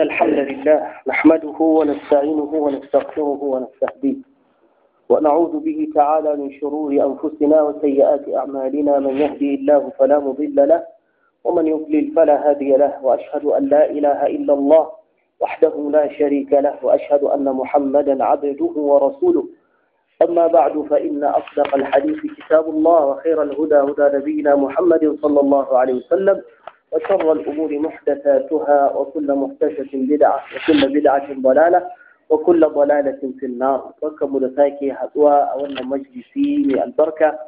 إن الحمد لله نحمده ونستعينه ونستغفره ونستهديه ونعوذ به تعالى من شرور أنفسنا وسيئات أعمالنا من يهدي الله فلا مضل له ومن يضلل فلا هادي له وأشهد أن لا إله إلا الله وحده لا شريك له وأشهد أن محمدا عبده ورسوله أما بعد فإن أصدق الحديث كتاب الله وخير الهدى هدى نبينا محمد صلى الله عليه وسلم وشر الأمور محدثاتها وكل محدثة بدعة وكل بدعة ضلالة وكل ضلالة في النار وكم دساكي حدوى أولنا مجلسي من البركة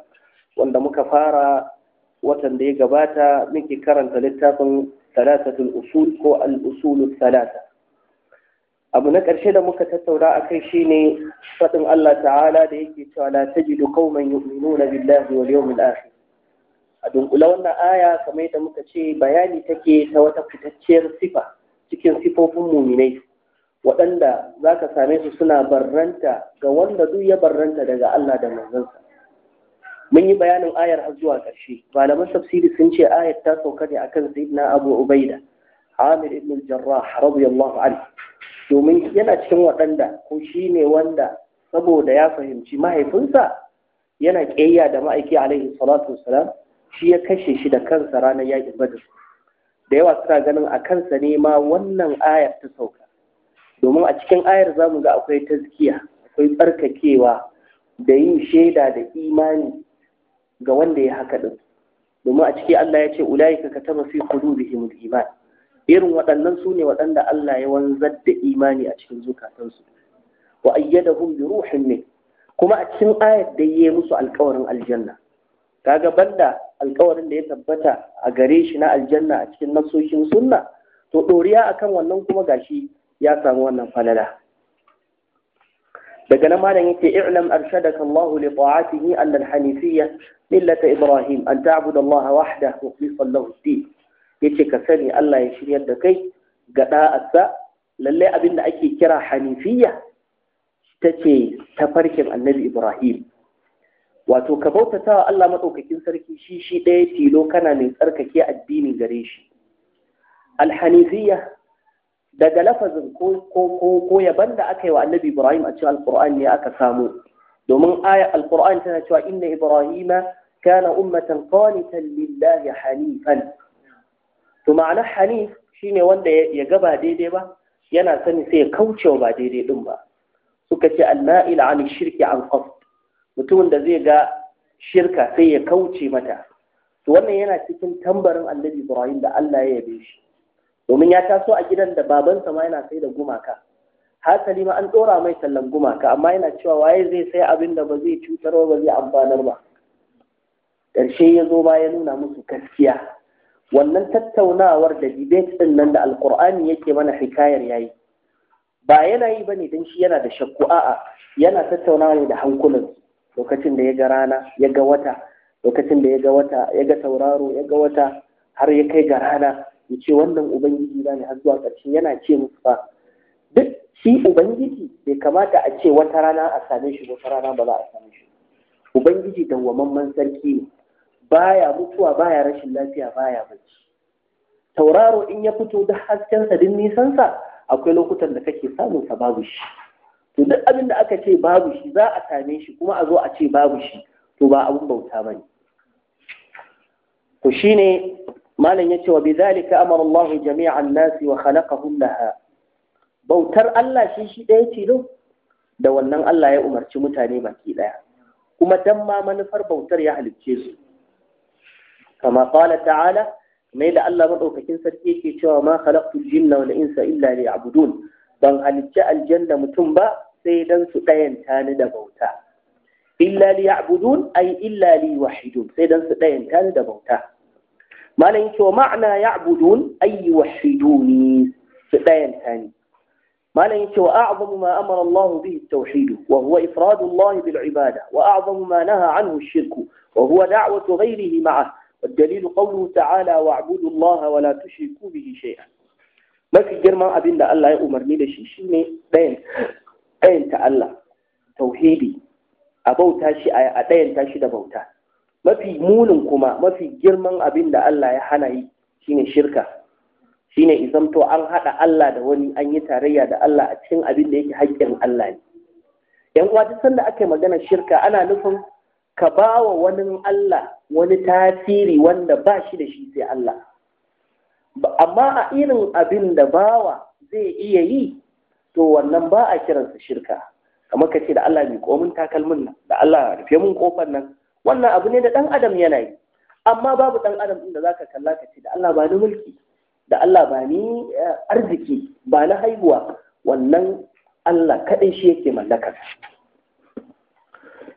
وأن مكفارة وتندي قباتا منك كرن ثلاثة ثلاثة الأصول هو الأصول الثلاثة abu na ƙarshe da muka tattauna a kai shi ne faɗin Allah ta'ala da yake cewa la tajidu qauman yu'minuna billahi wal yawmil akhir a dunkula wannan aya kamar yadda muka ce bayani take ta wata fitacciyar sifa cikin sifofin muminai waɗanda za ka same su suna barranta ga wanda duk ya barranta daga Allah da manzansa mun yi bayanin ayar har zuwa ƙarshe malaman tafsiri sun ce ayar ta sauka ne akan sayyidina Abu Ubaida Amir ibn al-Jarrah radiyallahu anhu domin yana cikin waɗanda ko shi ne wanda saboda ya fahimci mahaifinsa yana ƙeya da ma'aiki alaihi salatu wasalam shi ya kashe shi da kansa ranar yaƙin badar da yawa suna ganin a kansa ne ma wannan ayar ta sauka domin a cikin ayar za mu ga akwai tazkiya akwai tsarkakewa da yin shaida da imani ga wanda ya haka din domin a ciki Allah ya ce ka kataba fi qulubihimul iman irin waɗannan su ne waɗanda Allah ya wanzar da imani a cikin zukatansu wa ayyadahum bi ruhin min kuma a cikin ayar da yayi musu alƙawarin aljanna kaga banda alkawarin da ya tabbata a gare shi na aljanna a cikin nasoshin sunna to ɗoriya akan wannan kuma gashi ya samu wannan falala daga nan malam yake i'lam arshadaka Allah li ta'atihi anna al-hanifiyya millata Ibrahim an ta'budu Allah wahdahu mukhlishan lahu din yace ka sani Allah ya shiryar da kai ga da'atsa lalle abinda ake kira hanifiyya tace tafarkin Annabi Ibrahim wato ka bautata Allah maɗaukakin sarki shi shi ɗaya tilo kana mai tsarkake addini gare shi alhanifiyya daga lafazin ko yaban da aka yi wa annabi ibrahim a cikin alkur'an ne aka samu domin aya alkur'an tana cewa inna ibrahima kana ummatan qanitan lillahi hanifan to ma'ana hanif shine wanda ya gaba daidai ba yana sani sai ya kauce ba daidai din ba suka ce al-ma'il an shirki an qasd mutumin da zai ga shirka sai ya kauce mata to wannan yana cikin tambarin annabi ibrahim da allah ya yabe shi domin ya taso a gidan da babansa ma yana sai da gumaka hasali ma an tsora mai tallan gumaka amma yana cewa waye zai sai abin da ba zai cutar ba zai amfanar ba ƙarshe ya zo ba ya nuna musu gaskiya wannan tattaunawar da debate ɗin nan da alkur'ani yake mana hikayar yayi ba yana yi bane don shi yana da shakku a'a yana tattaunawa ne da hankulansu lokacin da ya ga rana ya ga wata lokacin da ya ga wata ya ga tauraro ya ga wata har ya kai ga rana ya ce wannan ubangiji ba ne har zuwa ƙarshen yana ce musu ba duk shi ubangiji bai kamata a ce wata rana a same shi wata rana ba za a same shi ubangiji dawwamamman sarki ne baya mutuwa baya rashin lafiya baya bacci tauraro in ya fito da haskensa din nisansa akwai lokutan da kake samun sa babu shi to duk abin da aka ce babu shi za a same shi kuma a zo a ce babu shi to ba abin bauta ba ne shi ne, malam ce wa bidhalika amara jami'an nasi wa khalaqahum laha bautar Allah shi shi ce tilo da wannan Allah ya umarci mutane baki ɗaya. kuma dan ma manufar bautar ya halicce su kama qala ta'ala mai da Allah madaukakin sarki yake cewa ma khalaqtul jinna wal insa illa liya'budun ban halicci aljanna mutum ba sai dan su ɗayanta ni da bauta illa li ya'budun ay illa li wahidun sai dan su ɗayanta ni da bauta malam yake wa ma'ana ya'budun ay yuwahiduni su ɗayanta ni malam yake wa a'zamu ma amara Allah bihi at-tauhid wa huwa ifradu Allah bil ibada wa a'zamu ma naha anhu ash-shirk wa huwa da'watu ghayrihi ma'ahu والدليل قوله تعالى واعبدوا الله ولا تشركوا به شيئا mafi girman abin da Allah ya umarni da shi shine ɗayan ɗayanta Allah tauhidi a bauta shi a ɗayanta shi da bauta mafi munin kuma mafi girman abin da Allah ya hana yi shine shirka shine izamto an haɗa Allah da wani an yi tarayya da Allah a cikin abin da yake haƙƙin Allah ne yan uwa duk sanda aka magana shirka ana nufin ka ba wa wani Allah wani tasiri wanda ba shi da shi sai Allah amma a irin abin da bawa zai iya yi to wannan ba a kiransa shirka kamar ka ce da Allah mai komin takalmin nan da Allah ya rufe mun kofar nan wannan abu ne da dan adam yana yi amma babu dan adam din da zaka kalla ka ce da Allah ba ni mulki da Allah ba ni eh, arziki ba na haihuwa wannan Allah kaɗai shi yake mallaka.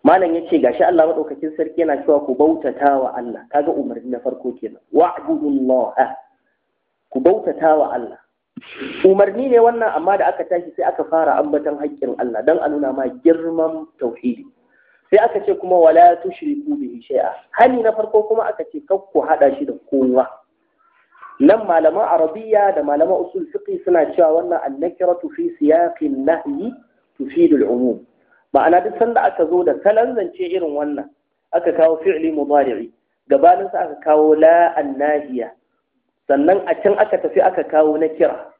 malam ya ce gashi Allah maɗaukakin sarki yana cewa ku bautata wa Allah kaga umarni na farko kenan wa'budullaha ku bautata wa Allah umarni ne wannan amma da aka tashi sai aka fara ambatan haƙƙin Allah don a nuna ma girman tauhidi sai aka ce kuma wala tushriku bihi shay'a hani na farko kuma aka ce kakku hada shi da kowa nan malaman arabiya da malaman usul fiqh suna cewa wannan annakiratu fi siyaqin nahyi tufidul umum ma'ana duk sanda aka zo da salon zance irin wannan aka kawo fi'li mu gabanin sa aka kawo la annahiya sannan a can aka tafi aka kawo na kira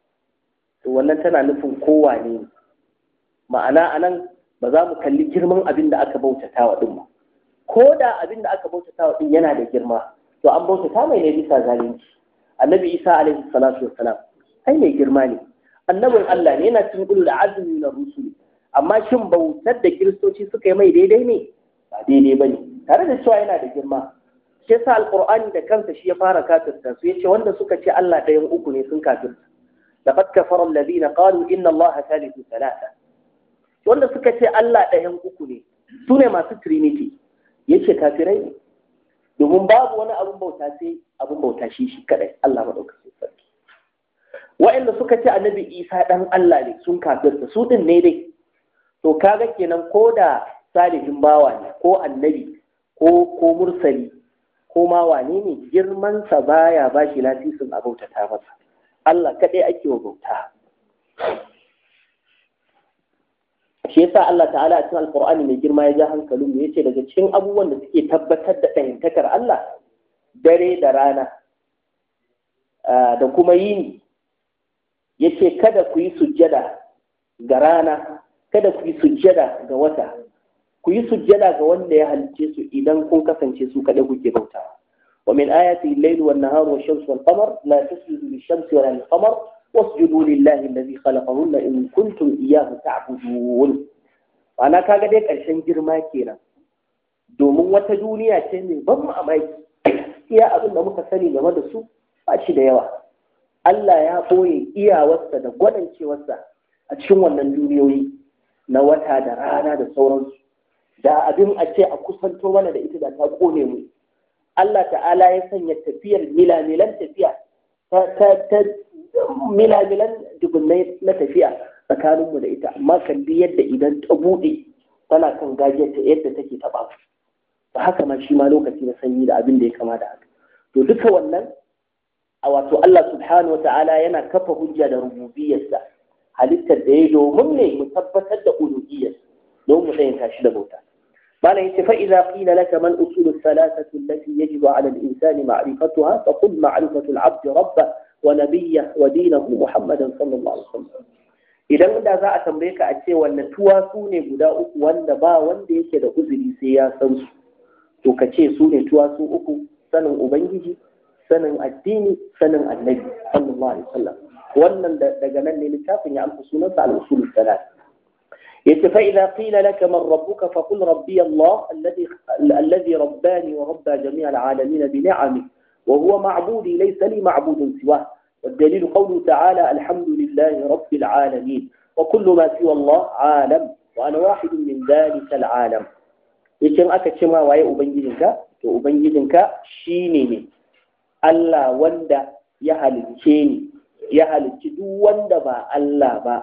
to wannan tana nufin kowa ne ma'ana anan ba za mu kalli girman abin da aka bautata wa ɗin ba ko da abin da aka bautata wa ɗin yana da girma to an bautata mai ne bisa zalunci annabi isa alaihi salatu salam ai mai girma ne annabin allah ne yana cikin ulul azumi na rusuli amma shin bautar da kiristoci suka yi mai daidai ne ba daidai ba ne tare da cewa yana da girma ke yasa Alƙur'ani da kansa shi ya fara kafirta su yace wanda suka ce Allah ɗayan uku ne sun kafirta laqad kafara alladhina qalu inna allaha thalithu thalatha wanda suka ce Allah ɗayan uku ne su ne masu trinity yace kafirai ne domin babu wani abun bauta sai abun bauta shi shi kadai Allah madaukakin sarki wa'anda suka ce annabi Isa dan Allah ne sun kafirta su din ne dai to kaga kenan ko da salihin bawa ne ko annabi ko ko mursali ko ma wane ne girmansa baya ba shi lasisin a bautata masa Allah kaɗai ake wa bauta shi yasa Allah ta'ala a cikin Alƙur'ani mai girma ya ja hankalin mu yace daga cikin abubuwan da suke tabbatar da ɗahintakar Allah dare da rana da kuma yini yace kada ku yi sujjada ga rana kada ku yi sujjada ga wata ku yi sujjada ga wanda ya halice su idan kun kasance su kaɗai kuke bauta wa min ayati al-layli wan nahari wash shamsi wal qamar la tasjudu lish-shamsi wa lil qamar wasjudu lillahi alladhi khalaqahunna in kuntum iyyahu ta'budun ana kaga dai karshen girma kenan domin wata duniya ce mai ban mamaki iya abin da muka sani game da su ba shi da yawa Allah ya ɓoye iyawarsa da gwadancewarsa a cikin wannan duniyoyi na wata da rana da sauransu da abin a ce a kusanto mana da ita da ta kone mu Allah ta'ala ya sanya tafiyar milamilan tafiya ta milamilan dubunnai na tafiya tsakaninmu da ita amma kan bi yadda idan ta buɗe tana kan gajiyarta yadda take taɓa ba haka ma shi ma lokaci na sanyi da abin da ya kama da haka to duka wannan a wato Allah subhanahu wa ta'ala yana kafa hujja da rububiyarsa halittar da ya domin ne mu tabbatar da uluhiyarsa don mu tsayin shi da bauta قال يتي فإذا قيل لك ما الأصول الثلاثة التي يجب على الإنسان معرفتها فقل معرفة العبد ربه ونبيه ودينه محمدا صلى الله عليه وسلم idan da za a tambaye ka a ce wanne su ne guda uku wanda ba wanda yake da uzuri sai ya san su to ka ce su ne su uku sanin ubangiji sanin addini sanin annabi sallallahu alaihi wasallam wannan daga nan ne littafin ya amsa sunansa al-usul salat yace fa idza qila laka man rabbuka fa qul rabbi Allah alladhi alladhi rabbani wa rabba jami' alalamin bi ni'ami wa huwa ma'budi laysa li siwa والدليل قوله تعالى الحمد لله رب العالمين وكل ما سوى الله عالم وانا واحد من ذلك العالم yakin aka ce ma waye ubangijinka to ka shine ne Allah wanda ya halicce ni ya halicci duk wanda ba Allah ba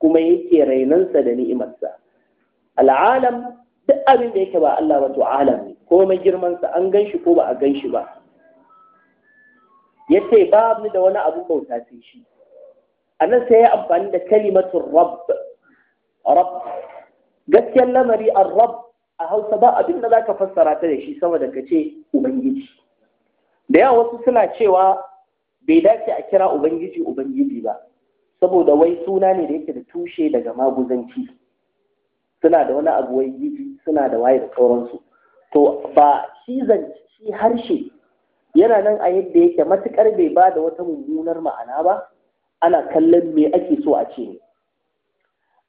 kuma yake rainansa da ni'imarsa al'alam duk abin da yake ba Allah ba to alam ne mai girmansa an gan shi ko ba a gan shi ba ya ce ba mu da wani abu bauta sai shi a nan sai ya amfani da kalimatun rab rab gaskiyar lamari a rab a hausa ba abin da za ka fassara ta da shi sama da ka ce ubangiji da yawa wasu suna cewa bai dace a kira ubangiji ubangiji ba saboda wai suna ne da yake da tushe daga maguzanci suna da wani abu wai yiji suna da waye da sauransu to ba shi zance shi harshe yana nan a yadda yake matukar bai ba da wata mummunar ma'ana ba ana kallon me ake so a ce ne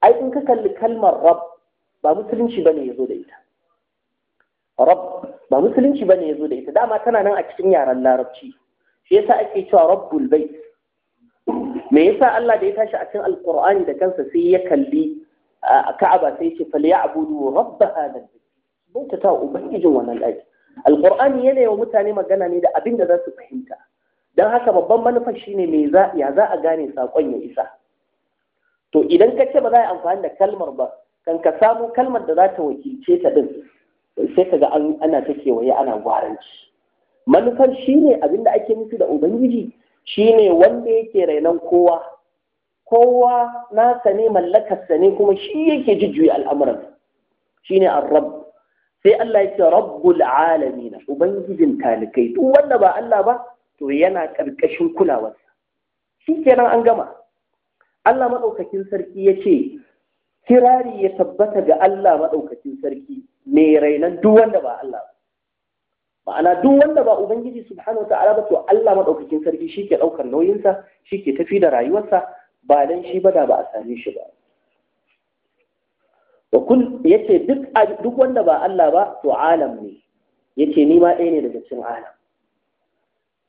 ai in ka kalli kalmar rab ba musulunci bane ya zo da ita rab ba musulunci bane ya zo da ita dama tana nan a cikin yaren larabci shi yasa ake cewa rabbul bait me yasa Allah da ya tashi a cikin alkur'ani da kansa sai ya kalli ka'aba sai ce falyabudu rabb hadha bauta ta ubangijin wannan daki alqur'ani yana wa mutane magana ne da abin da za su fahimta Don haka babban manufar shine me za ya za a gane sakon ya isa to idan ka ce ba za a amfani da kalmar ba kan ka samu kalmar da za ta wakilce ta din sai ka ga ana ta kewaye ana gwaranci manufar shine abin da ake nufi da ubangiji Shi ne wanda yake rainon kowa kowa nasa ne mallakarsa ne kuma shi yake jujjuya al'amuran Shi ne rabb sai Allah yake rabbul na ubangijin talikai duk wanda ba Allah ba to yana ƙarƙashin kulawarsa kenan an gama Allah Maɗaukakin sarki yace kirari ya tabbata ga Allah Maɗaukacin sarki mai rainon duk wanda ba Allah ma'ana duk wanda ba ubangiji subhanahu ta'ala ba to Allah madaukakin sarki shike daukar nauyinsa shike tafi da rayuwarsa ba dan shi ba da ba a same shi ba wa kun yace duk duk wanda ba Allah ba to alam ne yace ni ma ɗaya ne daga cikin alam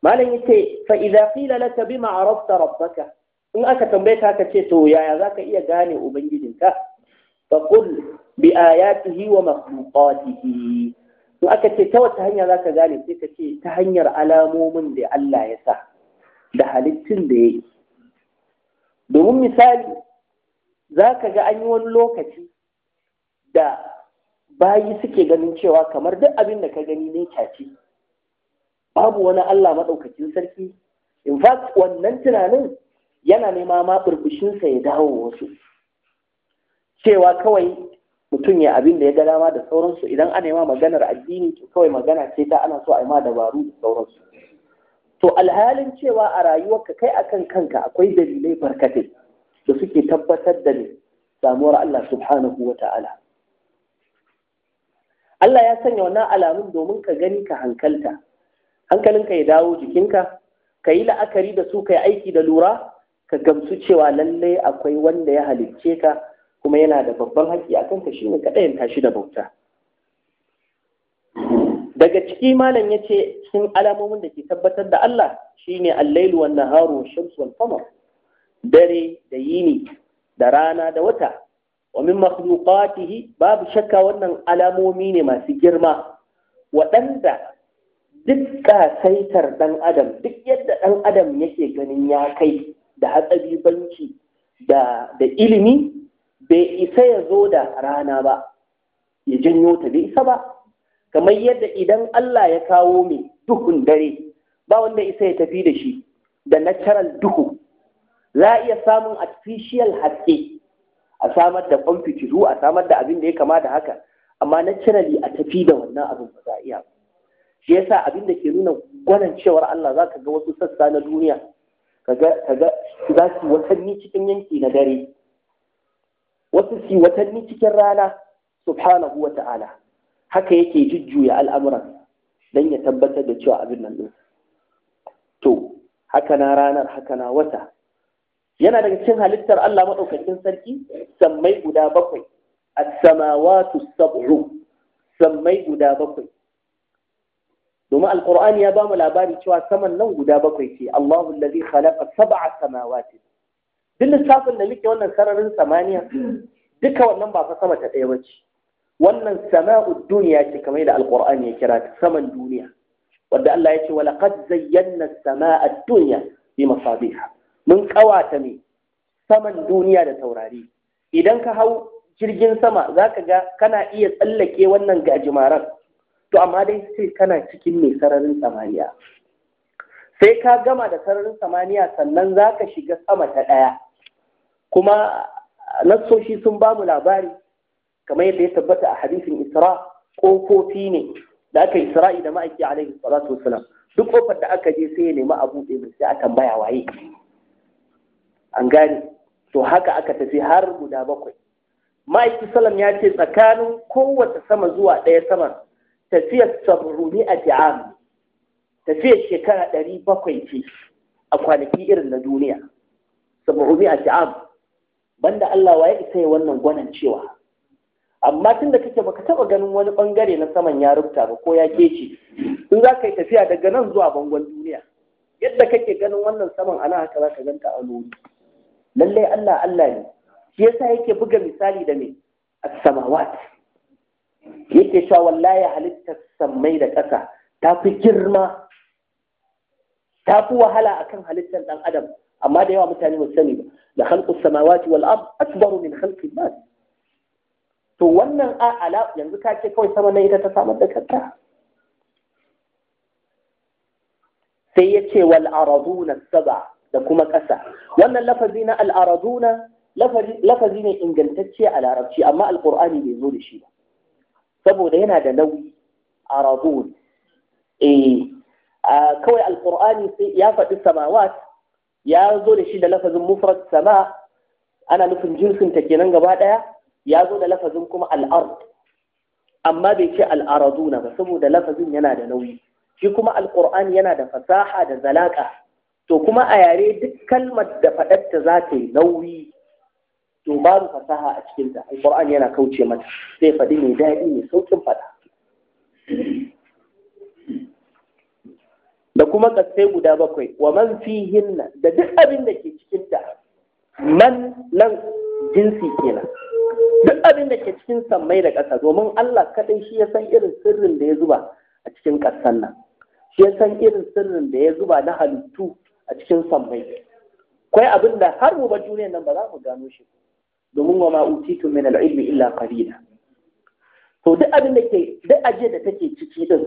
malam yace fa idza qila laka bima arafta rabbaka in aka tambaye ka ce to yaya zaka iya gane ubangijinka fa qul bi ayatihi wa makhluqatihi to aka ce ta wata hanya za ka gane sai ka ce ta hanyar alamomin da Allah ya sa da halittun da ya yi domin misali za ka ga an yi wani lokaci da bayi suke ganin cewa kamar duk abin da ka gani ne kyaci babu wani Allah maɗaukacin sarki in fact wannan tunanin yana nema ma burbushinsa ya dawo wasu cewa kawai mutum ya abin da ya ga dama da sauransu idan ana yi ma maganar addini to kawai magana ce ta ana so a yi ma dabaru da sauransu to alhalin cewa a rayuwarka kai akan kanka akwai dalilai barkatai da suke tabbatar da ne samuwar Allah subhanahu wa ta'ala Allah ya sanya wannan alamun domin ka gani ka hankalta hankalinka ya dawo jikinka ka yi la'akari da su ka yi aiki da lura ka gamsu cewa lallai akwai wanda ya halicce ka kuma yana da babban haƙƙi a kanka shine ka ɗayanta shi da bauta daga ciki malam ya ce sun alamomin da ke tabbatar da Allah shine allailu wan naharu shams wal qamar dare da yini da rana da wata wa min makhluqatihi babu shakka wannan alamomi ne masu girma waɗanda duk saitar ɗan adam duk yadda ɗan adam yake ganin ya kai da hatsari banki da ilimi bai isa ya zo da rana ba ya janyo ta bai isa ba kamar yadda idan Allah ya kawo mai duhun dare ba wanda isa ya tafi da shi da natural duhu za a iya samun artificial haske a samar da kwan a samar da abin da ya kama da haka amma naturally a tafi da wannan abin ba za a iya shi yasa abin da ke nuna gwanan cewar Allah za ka ga wasu sassa na duniya ka ga za su watanni cikin yanki na dare mulki watanni cikin rana subhanahu wa haka yake jujjuya al'amuran don ya tabbatar da cewa abin nan to haka na ranar haka na wata yana daga cikin halittar Allah maɗaukakin sarki sammai guda bakwai a samawatu sab'u sammai guda bakwai domin alqur'ani ya ba mu labari cewa saman nan guda bakwai ce Allahu allazi khalaqa sab'a samawati duk lissafin da muke wannan sararin samaniya duka wannan ba fa sama ta ɗaya ce. wannan sama'u duniya ce kamar da alƙur'ani ya kira ta saman duniya wanda Allah ya ce wa laqad zayyana as-sama'a dunya bi masabiha mun kawata ne saman duniya da taurari idan ka hau jirgin sama zaka ga kana iya tsallake wannan gajimaran to amma dai sai kana cikin mai sararin samaniya sai ka gama da sararin samaniya sannan zaka shiga sama ta ɗaya kuma nassoshi sun ba mu labari kamar yadda ya tabbata a hadisin isra kofofi ne da aka isra'i da ma'aiki alaihi salatu wasalam duk kofar da aka je sai ya nemi a buɗe mai sai a tambaya waye an gane to haka aka tafi har guda bakwai ma'aiki salam ya ce tsakanin kowace sama zuwa ɗaya sama tafiyar sabruni a ti'am tafiyar shekara ɗari bakwai ce a kwanaki irin na duniya sabruni a ti'am banda Allah wa ya isa ya wannan gwanan cewa amma tun da kake baka taba ganin wani bangare na saman ya rubuta ba ko ya kece in za ka yi tafiya daga nan zuwa bangon duniya yadda kake ganin wannan saman ana haka za ka ganta a lori lallai Allah Allah ne shi yasa yake buga misali da me as-samawat yake cewa wallahi halitta samai da ƙasa ta fi girma ta fi wahala akan halittar ɗan adam amma da yawa mutane ba sani ba لخلق السماوات والأرض أكبر من خلق الناس تونا أعلى ينزل كاكي كوي سمنا إذا تسامن ذكرتها سيكي والأرضون السبع لكم كسا وانا اللفظين الأرضون لفظين إن قلتكي على ربشي أما القرآن بيزول شيء سبو دينا دنوي أرضون إيه آه كوي القرآن يفق السماوات ya zo da shi da lafazin mufrad sama ana nufin jinsin ta kenan gaba ɗaya, ya zo da lafazin kuma al'ard amma bai ce al'araduna ba saboda lafazin yana da nauyi shi kuma alqur'an yana da fasaha da zalaka to kuma a yare duk kalmar da faɗarta za ta yi nauyi to babu fasaha a cikin cikinta alqur'an yana kauce mata sai faɗi mai daɗi mai saukin faɗa da kuma kasai guda bakwai wa man fihinna da duk abin da ke cikin ta man nan jinsi kenan duk abin da ke cikin sammai da ƙasa domin Allah kaɗai shi ya san irin sirrin da ya zuba a cikin ƙasar nan shi ya san irin sirrin da ya zuba na halittu a cikin sammai kai abin da har mu ba duniyar nan ba za mu gano shi domin wa ma utitu min al-ilmi illa qalila to duk abin da ke duk ajiya da take ciki din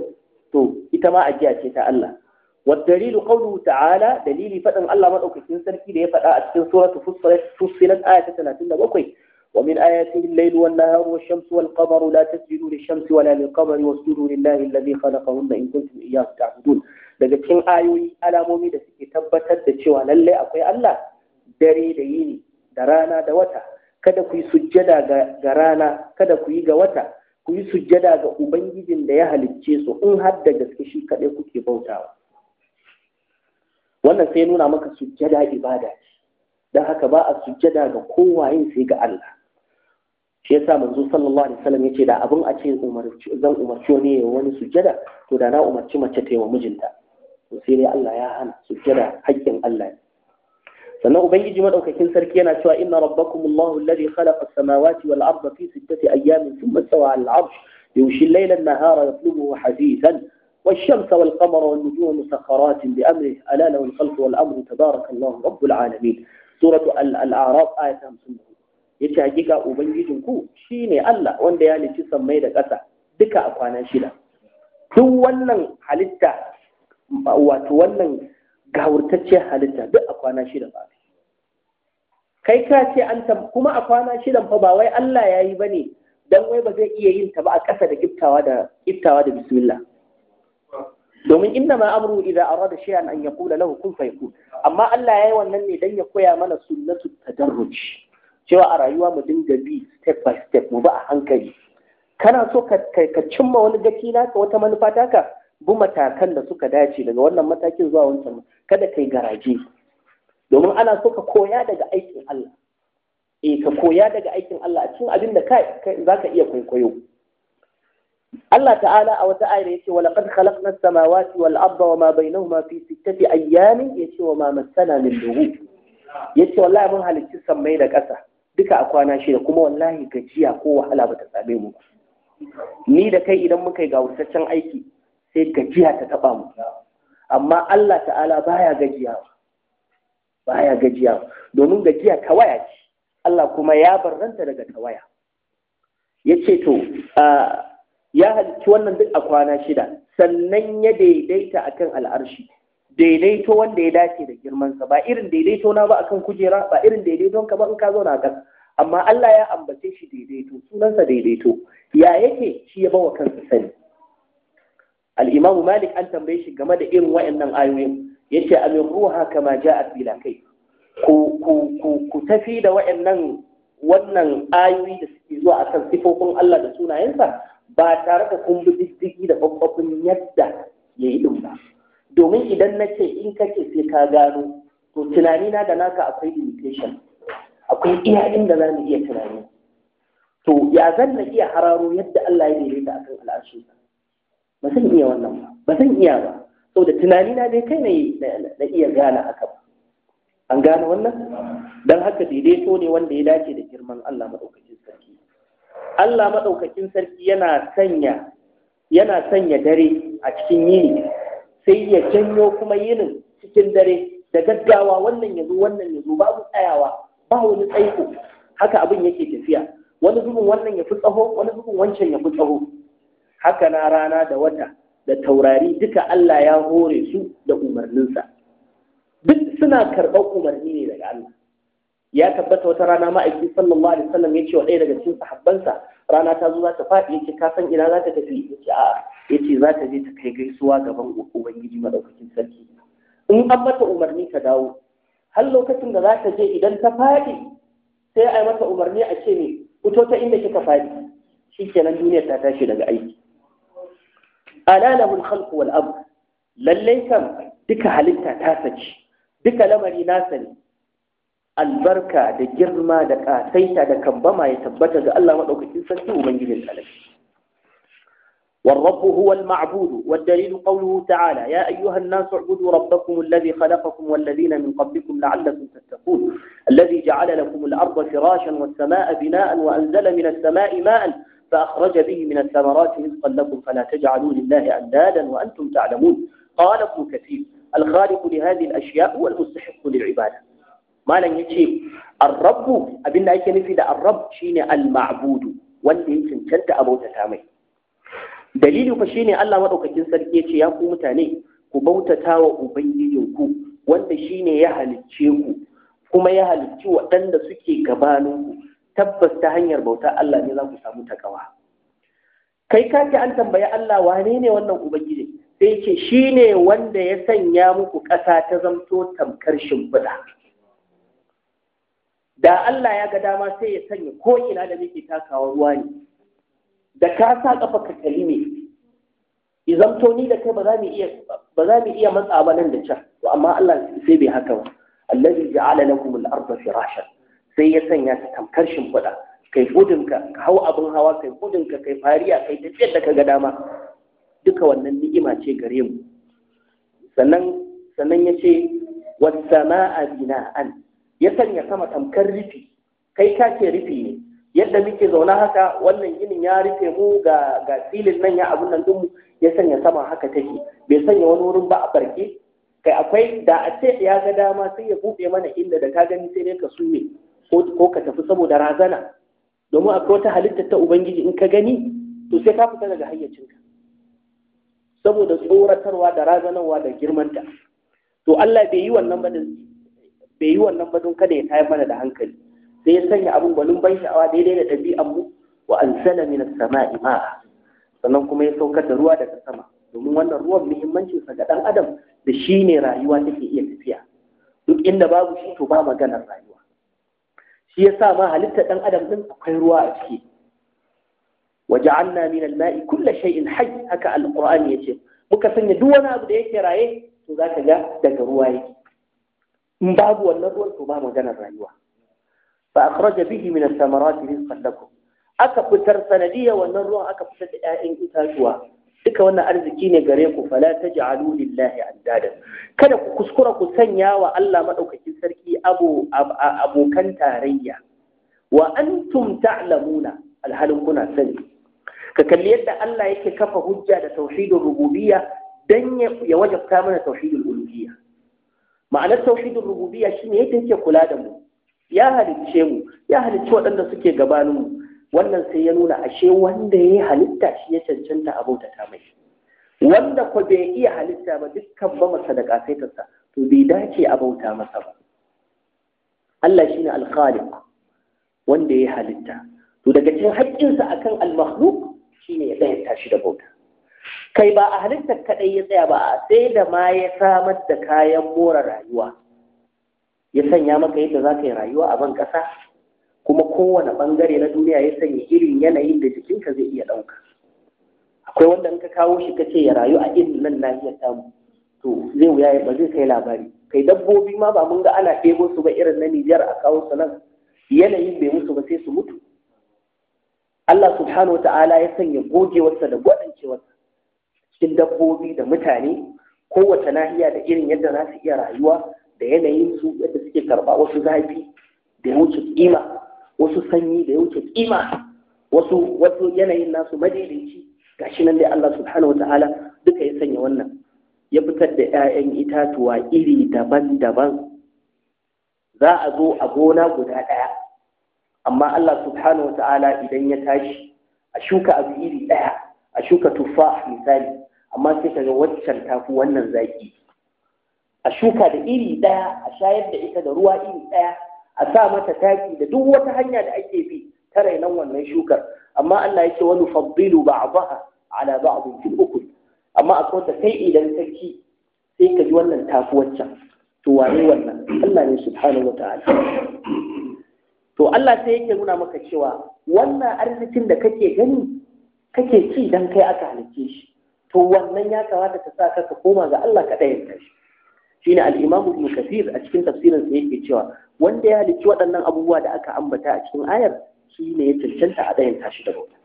to ita ma ajiya ce ta Allah والدليل قوله تعالى دليل فتن الله ما sarki سركي ليه فتا cikin سورة فصلت, فصلت آية 37 ومن آياته الليل والنهار والشمس والقمر لا تسجدوا للشمس ولا للقمر واسجدوا لله الذي خلقهن إن كنتم إياه تعبدون daga cikin ayoyi alamomi da suke tabbatar da cewa lallai akwai Allah dare da yini da rana da wata kada ku yi sujjada ga rana kada ku yi ga wata ku yi sujjada ga ubangijin da ya halicce su in har da gaske shi kaɗai kuke bautawa wannan sai nuna maka sujjada ibada ce don haka ba a sujjada ga kowaye sai ga Allah shi yasa manzo sallallahu alaihi wasallam yace da abin a ce zan umarci wani ya wani sujjada to da na umarci mace ta yi wa mijinta to sai dai Allah ya hana sujjada haƙƙin Allah ne sannan ubangiji madaukakin sarki yana cewa inna rabbakumullahu alladhi khalaqa as-samawati wal arda fi sittati ayyamin thumma istawa 'ala al-'arsh yughshi al-layla an-nahara yatlubuhu hadithan والشمس والقمر والنجوم مسخرات بأمره ألا له الخلق والأمر تبارك الله رب العالمين سورة الأعراف آية 50 yace hakika ubangijin ku shine Allah wanda ya halicci sammai ƙasa duka a kwana shida duk wannan halitta wato wannan gawurtacciyar halitta duk a kwana shida ba kai ka ce an kuma a kwana shidan fa ba wai Allah ya yi bane dan wai ba zai iya yin ta ba a ƙasa da giftawa da giftawa da bismillah domin inda ma idan idza rada shi'an an yaqula lahu kun fayakun amma Allah ya yi wannan ne dan ya koya mana sunnatu tadarruj cewa a rayuwa mu dinga bi step by step mu ba a hankali kana so ka cimma wani gaci naka wata manufa taka bi matakan da suka dace daga wannan matakin zuwa wancan kada kai garaje domin ana so ka koya daga aikin Allah eh ka koya daga aikin Allah a cikin abin da za ka iya kwaikwayo Allah ta'ala a wata ayar yace walaqad khalaqna samawati wal arda ma bainahuma fi sittati ayyamin yace ma massana min Ya yace wallahi mun halicci sammai da ƙasa duka a kwana shi da kuma wallahi gajiya ko wahala ba ta same mu ni da kai idan muka yi gawurtaccen aiki sai gajiya ta taba mu amma Allah ta'ala baya gajiya baya gajiya domin gajiya tawaya ce Allah kuma ya barranta daga tawaya yace to ya halci wannan duk a kwana shida sannan ya daidaita a kan al'arshi daidaito wanda ya dace da girmansa ba irin daidaito na ba akan kujera ba irin daidaito ka ba in ka zauna kan amma Allah ya ambace shi daidaito sunansa daidaito ya yake shi ya bawa kansa sani al malik an tambaye shi game da irin nan ayoyin yace amin ruha kama ja'at bila kai ku ku ku, ku tafi da wayannan wannan ayoyi da suke zuwa akan sifofin Allah da sunayensa ba tare da kun diddigi da babbakun yadda ya yi ɗin ba domin idan na ce in kake sai ka gano to tunani na da naka akwai limitation akwai iya inda za mu iya tunani to ya zan na iya hararo yadda Allah ya daidaita akan al'ashi ba zan iya wannan ba ba zan iya ba saboda tunani na dai kai na iya gane haka ba an gane wannan don haka daidaito ne wanda ya dace da girman Allah maɗaukacin sarki Allah maɗaukakin sarki yana sanya yana sanya dare a cikin yini sai ya janyo kuma yinin cikin dare da gaggawa wannan ya zo wannan ya zo babu tsayawa ba wani tsaiko haka abin yake tafiya wani zubin wannan ya fi tsaho wani zubin wancan ya fi tsaho haka na rana da wata da taurari duka Allah ya hore su da umarninsa duk suna karɓar umarni ne daga Allah ya tabbata wata rana ma'aiki sallallahu alaihi wasallam ya ce wa ɗaya daga cikin sahabbansa rana ta zo za ta faɗi yace ka san ina za ta tafi yace a'a yace za ta je ta kai gaisuwa gaban ubangiji madaukakin sarki in an mata umarni ka dawo har lokacin da za ta je idan ta faɗi sai a yi mata umarni a ce ne fito ta inda kika faɗi shikenan duniya ta tashi daga aiki ala lahul khalq wal amr lallai kam duka halitta ta saci duka lamari nasa sani. albarka da girma da ƙasaita da kambama ya tabbata ga Allah maɗaukakin sarki Ubangijin talashi. والرب هو المعبود والدليل قوله تعالى يا أيها الناس اعبدوا ربكم الذي خلقكم والذين من قبلكم لعلكم تتقون الذي جعل لكم الأرض فراشا والسماء بناء وأنزل من السماء ماء فأخرج به من الثمرات رزقا لكم فلا تجعلوا لله أندادا وأنتم تعلمون قال ابن كثير الخالق لهذه الأشياء هو المستحق للعبادة malam yace ar-rabbu abinda ake nufi da ar-rabb shine al-ma'budu wanda ya cancanta abautata mai dalili fa shine Allah madaukakin sarki yace ya ku mutane ku bautata wa ubangijinku wanda shine ya halicce ku kuma ya halicci waɗanda suke gabaninku tabbas ta hanyar bauta Allah ne za ku samu takawa kai ka an tambayi Allah wane ne wannan ubangiji sai ce shine wanda ya sanya muku ƙasa ta zamto tamkar shimfiɗa da Allah ya ga dama sai ya sanya ko ina da muke takawa ruwa ne da ka sa kafa ka kalime idan ni da kai ba za mu iya ba iya matsa ba nan da can to amma Allah sai bai haka ba allazi ja'ala lakum al-ardha firashan sai ya sanya ta tamkar shimfiɗa kai gudunka ka hau abin hawa kai gudunka kai fariya kai tafiyar da ka ga dama duka wannan ni'ima ce gare mu sannan sannan ya ce wasama'a bina'an ya sanya sama tamkar rufi kai ka ke rufi ne yadda muke zaune haka wannan ginin ya rufe mu ga ga filin nan ya abun nan dinmu ya sanya sama haka take bai sanya wani wurin ba a barke kai akwai da a ce ya ga dama sai ya buɗe mana inda da ka gani sai dai ka sume ko ka tafi saboda razana domin akwai wata halitta ta ubangiji in ka gani to sai ka fita daga hayyacinka saboda tsoratarwa da razanarwa da girmanta to Allah bai yi wannan ba da bai yi wannan ba don kada ya tayar mana da hankali sai ya sanya abin gwanin ban sha'awa daidai da ɗabi'an mu wa anzala minas sama'i ma'a sannan kuma ya saukar da ruwa daga sama domin wannan ruwan muhimmancin sa ga dan adam da shi ne rayuwa take iya tafiya duk inda babu shi to ba maganar rayuwa shi yasa ma halitta dan adam din akwai ruwa a ciki waja'alna min al-ma'i kull shay'in hayy haka al ya ce. muka sanya duk wani abu da yake raye to zaka ga daga ruwa yake in babu wannan ruwan to ba maganar rayuwa fa akhraja bihi min ath-thamarati rizqan lakum aka fitar sanadiyar wannan ruwan aka fitar da 'ya'yan itatuwa duka wannan arziki ne gare ku fala taj'alu lillahi andada kada ku kuskura ku sanya wa Allah madaukakin sarki abo abokan tarayya wa antum ta'lamuna alhalin kuna sani ka kalli yadda Allah yake kafa hujja da tauhidin rububiyya dan ya wajabta mana tauhidul uluhiyya ma'anar tauhidin rububiyya shine yadda yake kula da mu ya halicce mu ya halicce waɗanda suke gabanin mu wannan sai ya nuna ashe wanda ya halitta shi ya cancanta a bautata mai wanda ko bai iya halitta ba dukkan ba masa da kasaitarsa to bai dace a bauta masa ba Allah shine al-khaliq wanda ya halitta to daga cikin haƙƙinsa akan al-makhluq shine ya tsayanta shi da bauta kai ba a halittar kaɗai ya tsaya ba sai da ma ya samar da kayan more rayuwa ya sanya maka yadda za ka yi rayuwa a ban ƙasa kuma kowane ɓangare na duniya ya sanya irin yanayin da jikinka zai iya ɗauka akwai wanda in ka kawo shi ka ce ya rayu a irin nan iya tamu to zai wuya ba zai kai labari kai dabbobi ma ba mun ga ana ɗebo su ba irin na Nijar a kawo su nan yanayin bai musu ba sai su mutu Allah subhanahu wa ta'ala ya sanya gogewarsa da gwadancewarsa cikin dabbobi da mutane kowace nahiya da irin yadda za su iya rayuwa da yanayin su yadda suke karba wasu zafi da ya wuce kima wasu sanyi da ya wuce kima wasu wasu yanayin nasu madaidaici gashi nan dai Allah subhanahu wataala duka ya sanya wannan ya fitar da 'ya'yan itatuwa iri daban-daban za a zo a gona guda ɗaya amma Allah subhanahu wataala idan ya tashi a shuka abu iri ɗaya a shuka tufa misali amma sai ka ga waccan tafi wannan zaki a shuka da iri ɗaya a shayar da ita da ruwa iri ɗaya a sa mata taki da duk wata hanya da ake bi ta rainon wannan shukar amma Allah yake wani ba a baha ala a bukin ukul amma a kota kai idan sarki, ci sai ka ji wannan tafi waccan to wane wannan Allah ne subhanahu wataala to Allah sai yake nuna maka cewa wannan arzikin da kake gani kake ci dan kai aka halicce shi to wannan ya kamata ta sa ka koma ga Allah ka tashi? shi shine al-Imam Ibn Kathir a cikin tafsirin sa yake cewa wanda ya halicci waɗannan abubuwa da aka ambata a cikin ayar shine ya cancanta a dayanta tashi da bauta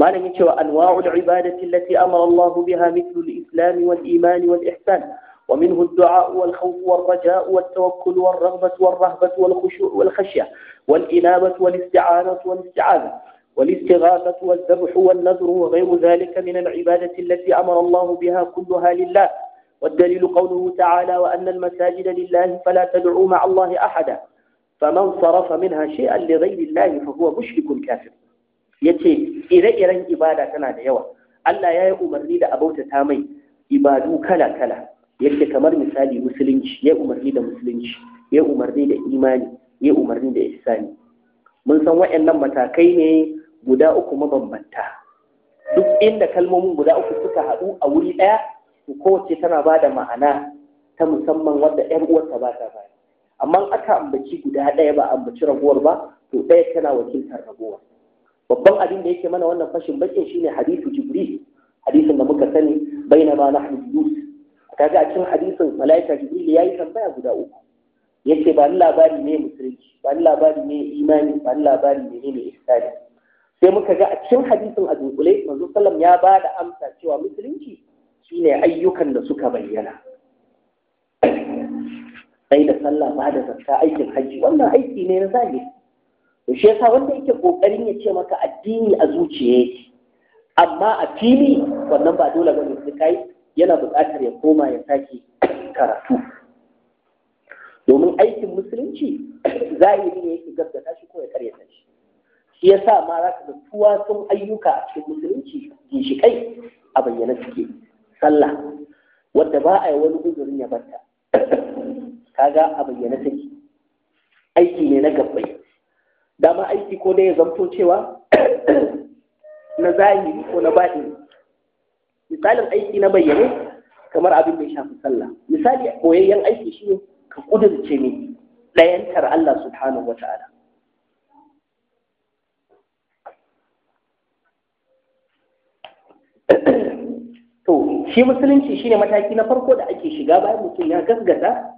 malam yace anwa'ul ibadati allati amara Allah biha mithlu al-islam wal iman wal ihsan ومنه الدعاء والخوف والرجاء والتوكل والرغبة والرهبة والخشوع والخشية والإنابة والاستعانة والاستعاذة والاستغاثة والذبح والنذر وغير ذلك من العبادة التي أمر الله بها كلها لله والدليل قوله تعالى وأن المساجد لله فلا تدعوا مع الله أحدا فمن صرف منها شيئا لغير الله فهو مشرك كافر yace ire-iren ibada tana da yawa Allah ya yi umarni da abautata mai ibadu kala-kala yake kamar misali musulunci ya umarni da musulunci ya umarni da imani ya umarni da ihsani mun san waɗannan matakai ne guda uku mabambanta duk inda kalmomin guda uku suka haɗu a wuri ɗaya to kowace tana ba da ma'ana ta musamman wadda ‘yan uwarta ba ta bayar amma aka ambaci guda ɗaya ba ambaci raguwar ba to ɗaya tana wakiltar raguwa babban abin da yake mana wannan fashin bakin shine hadisu jibril hadisin da muka sani baina ma nahnu yus kaga a cikin hadisin malaika jibril yi tambaya guda uku yace ba ni labari ne musulunci ba ni labari ne imani ba ni labari ne ne islami sai muka ga a cikin hadisin a dunkule manzo sallam ya ba da amsa cewa musulunci shine ayyukan da suka bayyana sai da sallah ba da zakka aikin hajji wannan aiki ne na zahiri to shi yasa wanda yake kokarin ya ce maka addini a zuciya yake amma a fili wannan ba dole bane sai kai yana buƙatar ya koma ya sake karatu domin aikin musulunci zahiri ne yake gaskata shi ko ya karyata shi shi ya sa ma za ka ga tuwa sun ayyuka a cikin musulunci ginshiƙai a bayyana suke sallah wadda ba a yi wani uzurin ya barta kaga a bayyana take aiki ne na gabbai dama aiki ko dai ya zamto cewa na zahiri ko na baɗi misalin aiki na bayyane kamar abin da ya shafi sallah misali koyayyen aiki shi ne ka kudurce ne ɗayantar Allah subhanahu wa ta'ala to shi musulunci shine mataki na farko da ake shiga bayan mutum ya gasgata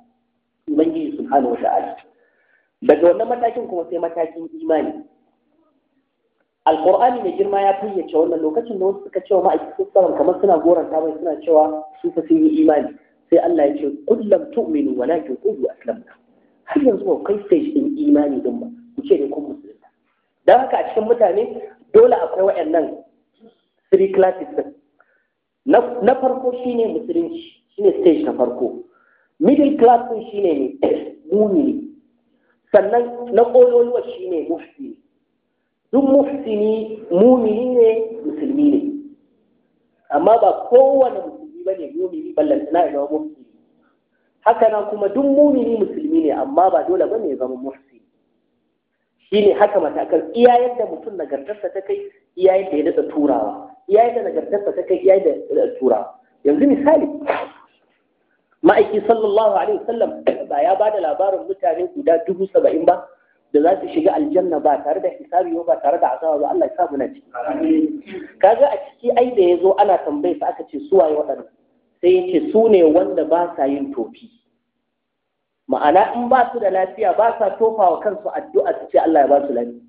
ubangiji subhanahu wata'ala daga wannan matakin kuma sai matakin imani alkur'ani mai girma ya fayyace wannan lokacin da wasu suka cewa ma'aikatan tsaron kamar suna goranta mai suna cewa su fa sun yi imani sai Allah ya ce kullum tu'minu walakin qulu aslamna har yanzu ba kai sai shi imani din ba ku ce ne kun musulunta dan haka a cikin mutane dole akwai waɗannan three classes din na farko shine musulunci shine stage na farko middle class din shine ne muni sannan na ƙololuwa shine mufti duk mufti ne mumini ne musulmi ne amma ba kowane musulmi ba ne mumini ina ya zama mufti haka nan kuma duk mumini musulmi ne amma ba dole ba ne ya zama mufti shi ne haka matakan iya yadda mutum nagartarsa ta kai iya yadda ya dasa turawa iya da nagartarsa ta kai da tura yanzu misali ma'aiki sallallahu alaihi wasallam ba ya ba da labarin mutane guda dubu saba'in ba da za su shiga aljanna ba tare da hisabi ba ba tare da azaba ba Allah ya sa muna ciki kaga a ciki ai da yazo ana tambaye sa aka ce su waye waɗannan sai yace su ne wanda ba sa yin tofi ma'ana in ba su da lafiya ba sa tofawa kansu addu'a su ce Allah ya ba su lafiya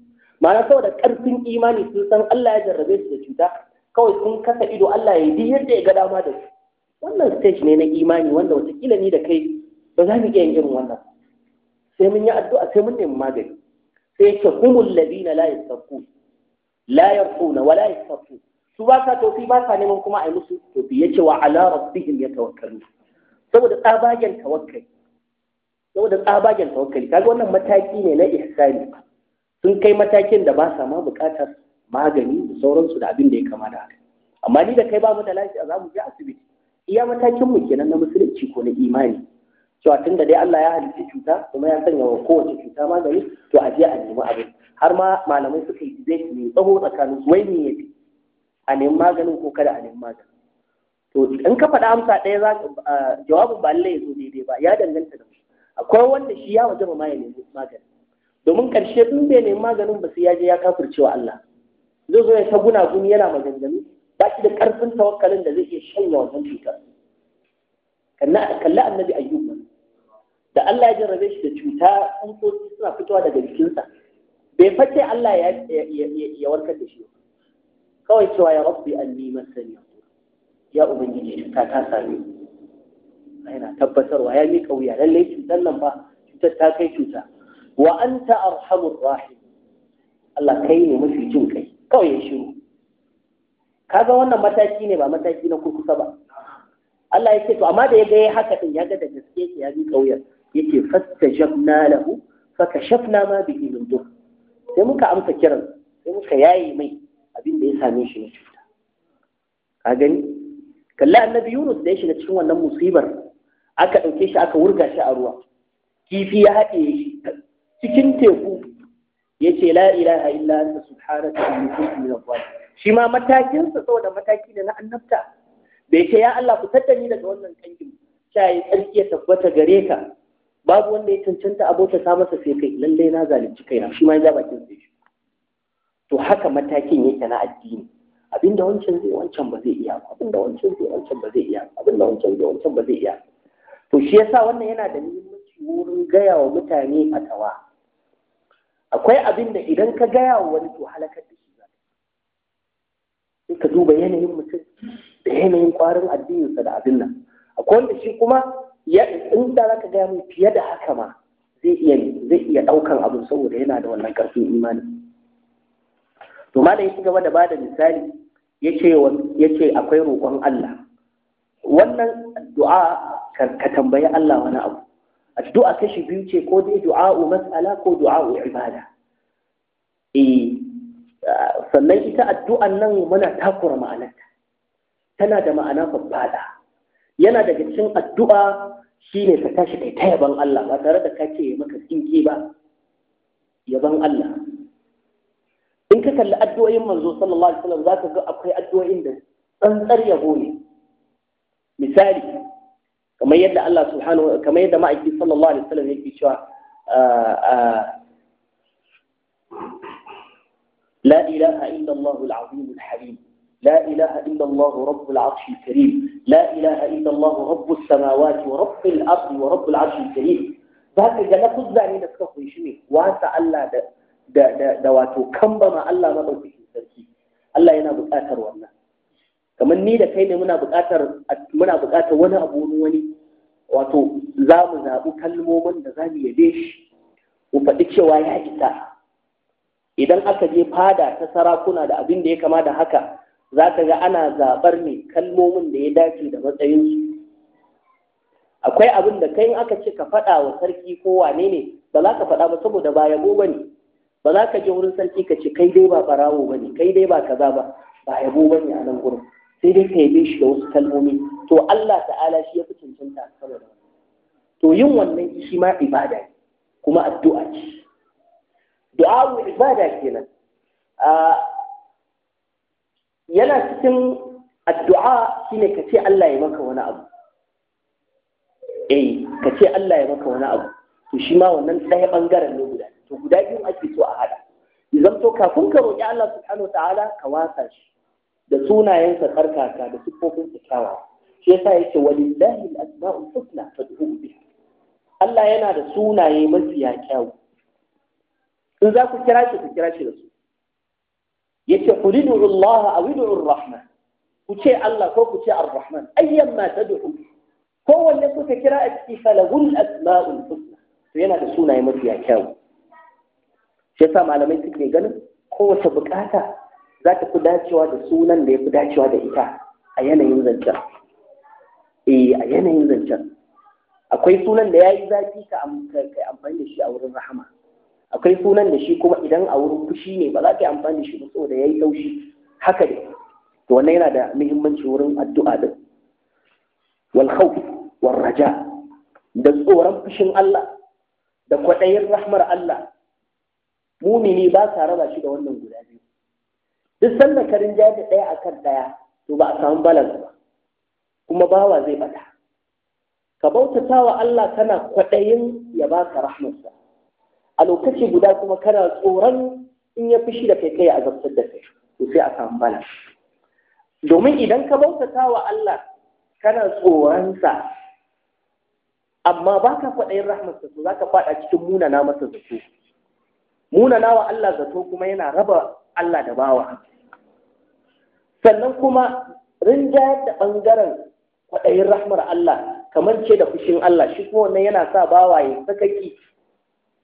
ma'ana saboda karfin imani sun san Allah ya jarrabe su da cuta kawai sun kasa ido Allah ya yi yadda ya ga dama da su wannan stage ne na imani wanda watakila ni da kai ba za mu iya yin irin wannan sai mun yi addu'a sai mun nemi magani sai yake humul ladina la yastaqu la yarquna wa la yastaqu su ba sa tofi ba sa neman kuma a yi musu tofi yace wa ala rabbihim yatawakkalu saboda tsabagen tawakkali saboda tsabagen tawakkali kaga wannan mataki ne na ihsani sun kai matakin da ba sa ma bukatar magani da sauransu da abin da ya kamata da haka amma ni da kai ba mu da lafiya za mu je asibiti iya matakin mu kenan na musulunci ko na imani cewa tun da dai Allah ya halitta cuta kuma ya sanya wa kowace cuta magani to a je a nemi abin har ma malamai suka yi zai mai tsaho tsakanin wai me yafi a nemi maganin ko kada a nemi maganin to in ka faɗa amsa ɗaya za jawabin ba Allah ya zo daidai ba ya danganta da akwai wanda shi ya waje ma ya nemi maganin domin ƙarshe in bai nemi maganin ba sai ya je ya kafircewa Allah zai zo ya ta gunaguni yana maganganu ba shi da ƙarfin tawakkalin da zai iya shanya wannan cutar kalli annabi ayyub da Allah ya jarrabe shi da cuta tsutsotsi suna fitowa daga jikinsa bai fate Allah ya warkar da shi kawai cewa ya rabbi anni masani ya ubangiji cuta ta same yana tabbatarwa ya miƙa wuya lallai cutar nan ba cutar ta kai cuta wa anta arhamur rahim Allah kai ne mafi jin kawai ya shiru kaga wannan mataki ne ba mataki na kurkusa ba Allah ya ce to amma da ya ga ya haka din ya ga da gaske ya bi kauyar yake fastajabna lahu fakashafna ma bihi min dur sai muka amsa kiran sai muka yayi mai abin da ya same shi na cuta ka gani Kalla annabi Yunus da ya shiga cikin wannan musibar aka ɗauke shi aka wurga shi a ruwa kifi ya haɗe shi cikin teku yace la ilaha illa anta subhanaka inni kuntu min adh-dhalimin shi ma matakin sa saboda mataki ne na annabta bai ce ya Allah ku tattani daga wannan kangin sha yi tsarki ya tabbata gare ka babu wanda ya cancanta abota ta masa sai kai lallai na zalunci kaina shi ma ya bakin sai shi to haka matakin yake na addini abinda wancan zai wancan ba zai iya abinda wancan zai wancan ba zai iya abinda wancan zai wancan ba zai iya to shi yasa wannan yana da muhimmanci wurin gaya wa mutane a tawa. akwai abin da idan ka gaya wa wani to halakar da shi za sai ka duba yanayin mutum da yanayin kwarin addininsa da abin nan akwai wanda shi kuma in da za ka gaya mai fiye da haka ma zai iya zai iya ɗaukan abin saboda yana da wannan ƙarfin imani to da ya ci gaba da da misali ya ce akwai roƙon Allah wannan du'a ka tambayi Allah wani abu addu'a kashi biyu ce ko dai du'a'u mas'ala ko du'a'u ibada eh sannan ita addu'an nan muna takura ma'anarta tana da ma'ana babbada yana daga cikin addu'a shine ka tashi kai ta yaban Allah ba tare da ka ce maka tsinke ba yaban Allah in ka kalli addu'o'in manzo sallallahu alaihi wasallam zaka ga akwai addu'o'in da tsantsar yabo ne misali kamar yadda Allah subhanahu kamar yadda ma'aiki sallallahu alaihi wasallam yake cewa لا إله إلا الله العظيم الحليم لا إله إلا الله رب العرش الكريم لا إله إلا الله رب السماوات ورب الأرض ورب العرش الكريم جل لا ذا من الكفر يشمي واسع الله دواته كم بما الله ما في سرسي الله ينا بكاتر وانا كمن ني da منا ne منا buƙatar muna buƙatar wani wato za mu zaɓi kalmomin da za mu yabe shi mu faɗi cewa ya isa idan aka je fada ta sarakuna da abin da ya kama da haka za ka ga ana zaɓar ne kalmomin da ya dace da matsayinsu akwai abin da kai aka ce ka faɗa wa sarki ko wane ne ba za ka faɗa ba saboda ba yabo ba ne ba za ka je wurin sarki ka ce kai dai ba ɓarawo ba ne kai dai ba kaza ba ba yabo ba ne a nan gurin sai dai ka yabe shi da wasu kalmomi to Allah ta'ala shi ya fi cancanta saboda to yin wannan shi ma ibada ne kuma addu'a ce du'a ibada kenan yana cikin addu'a shine ka ce Allah ya maka wani abu eh ka ce Allah ya maka wani abu to shi ma wannan ɗaya ɓangaren ne guda to guda biyu ake so a haɗa Idan to kafin ka roƙi Allah subhanahu ta'ala ka wasa shi da sunayensa tsarkaka da siffofin kyawawa shi yasa yake walillahi al-asma'ul husna fad'uhu biha Allah yana da sunaye ya kyau in za ku kira shi ku kira shi da su yace qul ud'u Allah aw ud'u ar-rahman ku ce Allah ko ku ce ar-rahman ayyan ma tad'u ko wanda kuka kira a ciki falahul asma'ul husna to yana da sunaye mafiya kyau shi yasa malamai suke ganin kowace bukata za ta fi dacewa da sunan da ya fi dacewa da ita a yanayin zancen eh a yanayin zancen akwai sunan da ya yi zafi ka amfani da shi a wurin rahama akwai sunan da shi kuma idan a wurin fushi ne ba za ka yi amfani da shi ba saboda ya yi laushi haka ne to wannan yana da muhimmanci wurin addu'a din wal khawf wal raja da tsoron fushin Allah da kwaɗayin rahmar Allah mumini ba sa raba shi da wannan guda biyu duk sanda karin jaji ɗaya akan ɗaya to ba a samu balance ba kuma bawa zai faɗa ka bautata wa Allah kana kwaɗayin ya baka rahmarsa a lokaci guda kuma kana tsoron in ya fushi da kai kai a zartar da kai to sai a samu bala domin idan ka bautata wa Allah kana tsoronsa amma baka kwaɗayin rahmarsa to ka faɗa cikin munana masa zato munana wa Allah zato kuma yana raba Allah da bawa sannan kuma rinjayar da ɓangaren kwaɗayin rahmar Allah kamar ce da fushin Allah shi kuma wannan yana sa bawa ya sakaki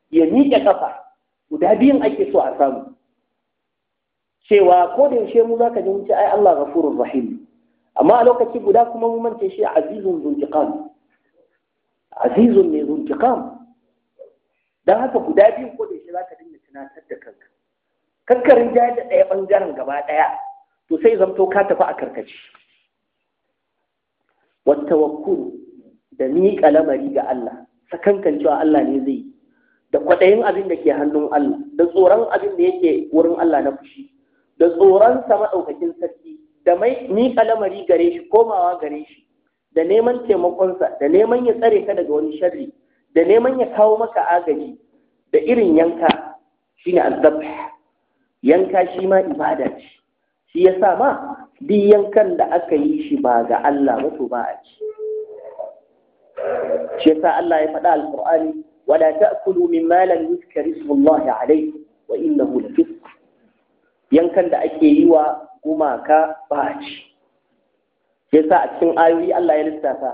ya miƙe ƙafa guda biyun ake so a samu cewa ko da yaushe mu zaka ji wuce ai Allah ghafurur rahim amma a lokaci guda kuma mu mance shi azizun zuntiqam azizun ne zuntiqam dan haka guda biyun ko da yaushe zaka dinga tunatar da kanka kakkarin jaya da ɗaya ɓangaren gaba ɗaya to sai zamto ka tafi a karkace wata wakulu da miƙa lamari ga Allah sakankan cewa Allah ne zai da kwaɗayin abin da ke hannun Allah da tsoron abin da yake wurin Allah na fushi da tsoron sa maɗaukakin sarki da miƙa lamari gare shi komawa gare shi da neman taimakonsa da neman ya tsare ka daga wani sharri da neman ya kawo maka agaji da irin yanka shine azzabh yanka shi ma ibada ce shi ya sa ma duk yankan da aka yi shi ba ga Allah ba to ba a ci shi ya sa Allah ya faɗa alƙur'ani wala ta'kulu mimma lam yuzkar ismullahi alayhi wa innahu lafisq yankan da ake yi wa gumaka ba a ci shi ya sa a cikin ayoyi Allah ya lissafa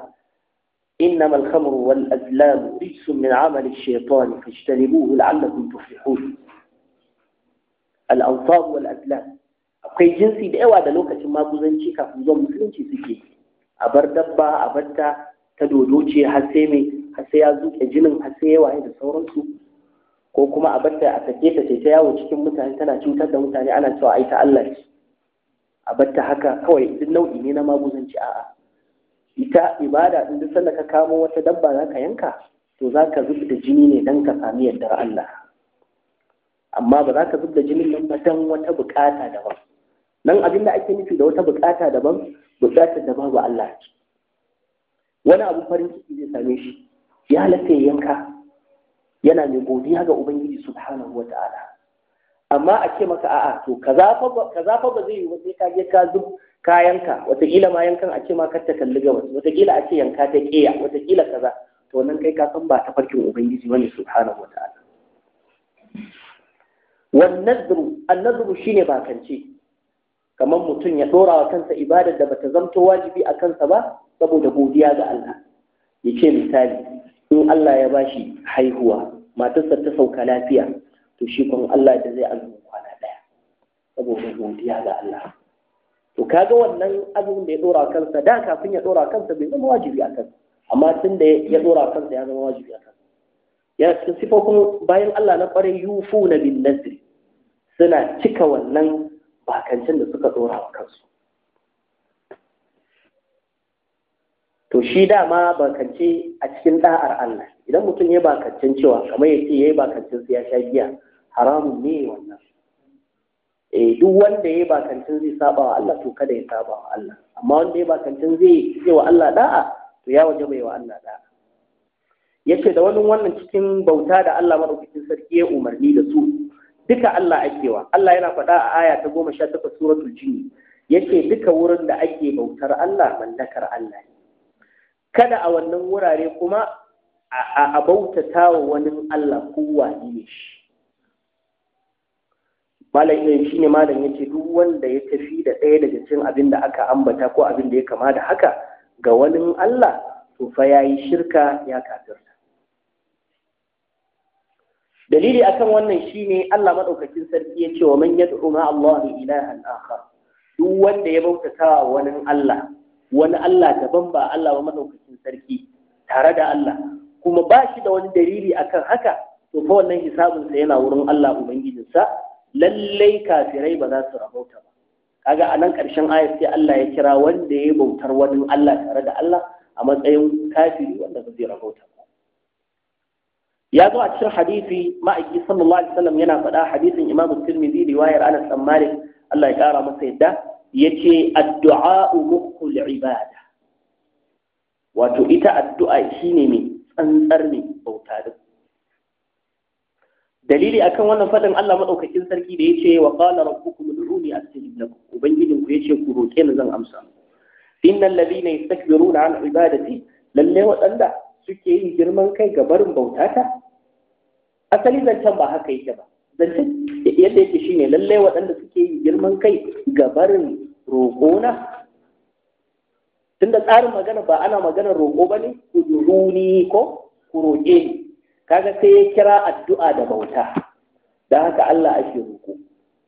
إنما الخمر والأزلام رجس من عمل الشيطان فاجتنبوه لعلكم تفلحون الأنصاب والأزلام akwai jinsi da yawa da lokacin maguzanci kafin zuwa musulunci suke a bar dabba a bar ta dodo ce har sai mai har sai ya zuke jinin har sai yawa da sauransu ko kuma a bar a take ta ta yawo cikin mutane tana cutar da mutane ana cewa ai ta Allah ce a bar haka kawai duk nau'i ne na maguzanci a'a ita ibada din duk sanda ka kamo wata dabba zaka yanka to za ka zub da jini ne dan ka sami yardar Allah amma ba za ka zub da jinin nan ba dan wata bukata daban nan abin da ake nufi da wata bukata daban bukatar da babu Allah wani abu farin ciki zai same shi ya lafe yanka yana mai godiya ga ubangiji subhanahu wata'ala amma a ce maka a'a to kaza fa ba zai yi ba sai ka je ka zub ka yanka wataƙila ma yankan a ce ma kar ta kalli gabas wataƙila a ce yanka ta ƙeya wataƙila kaza to nan kai ka san ba ta farkin ubangiji bane subhanahu wata'ala wannan nazru an nazru shine bakance kamar mutum ya ɗora wa kansa ibadar da bata zamto wajibi a kansa ba saboda godiya ga Allah ya ce misali in Allah ya bashi haihuwa matarsa ta sauka lafiya to shi kun Allah da zai azumin kwana ɗaya saboda godiya ga Allah to kaga wannan azumin da ya ɗora kansa da kafin ya ɗora kansa bai zama wajibi a kansa amma tun da ya ɗora kansa ya zama wajibi a kansa yana cikin sifofin bayan Allah na ƙwarai yufu na bin nasri suna cika wannan bakancin da suka tsora wa kansu to shi dama bakance a cikin da'ar Allah idan mutum ya bakancin cewa kamar ya ce ya yi bakancin ya sha giya haramun ne wannan e duk wanda ya yi bakancin zai saba wa Allah to kada ya saba wa Allah amma wanda ya bakancin zai yi wa Allah da'a to ya waje bai wa Allah da'a yace da wani wannan cikin bauta da Allah madaukakin sarki ya umarni da su duka Allah ake wa Allah yana faɗa a aya ta goma sha takwas suratul jini yake duka wurin da ake bautar Allah mallakar Allah ne kada a wannan wurare kuma a bautata wa wani Allah kowa ne shi malam irin shi ne malam ya duk wanda ya tafi da ɗaya daga cikin abin da aka ambata ko abin da ya kama da haka ga wani Allah to fa ya shirka ya kafirta dalili akan wannan shine Allah madaukakin sarki ya ce wa man yad'u ma Allah ilahan akhar duk wanda ya bautata wa wani Allah wani Allah daban ba Allah ba madaukakin sarki tare da Allah kuma ba shi da wani dalili akan haka to fa wannan hisabinsa yana wurin Allah ubangijinsa lallai kafirai ba za su rahota ba kaga a nan karshen ayat sai Allah ya kira wanda ya bautar wani Allah tare da Allah a matsayin kafiri wanda zai rahota ba ya zo a cikin hadisi ma'aiki sallallahu alaihi wasallam yana faɗa hadisin imam tirmidhi riwayar anas bin malik Allah ya kara masa yadda yace addu'a mukhul ibada wato ita addu'a shine mai tsantsar ne bauta dalili akan wannan faɗin Allah madaukakin sarki da yace wa qala rabbukum ud'uni astajib lakum ubangijin ku yace ku roke ni zan amsa innal ladina yastakbiruna an ibadati lalle waɗanda suke yin girman kai ga barin bautata asali zancen ba haka yake ba zancen yadda yake shine lallai waɗanda suke yi girman kai ga barin na? tunda tsarin magana ba ana maganar roƙo ba ne ku duruni ko ku roƙe ni kaga sai ya kira addu'a da bauta Da haka Allah ake roƙo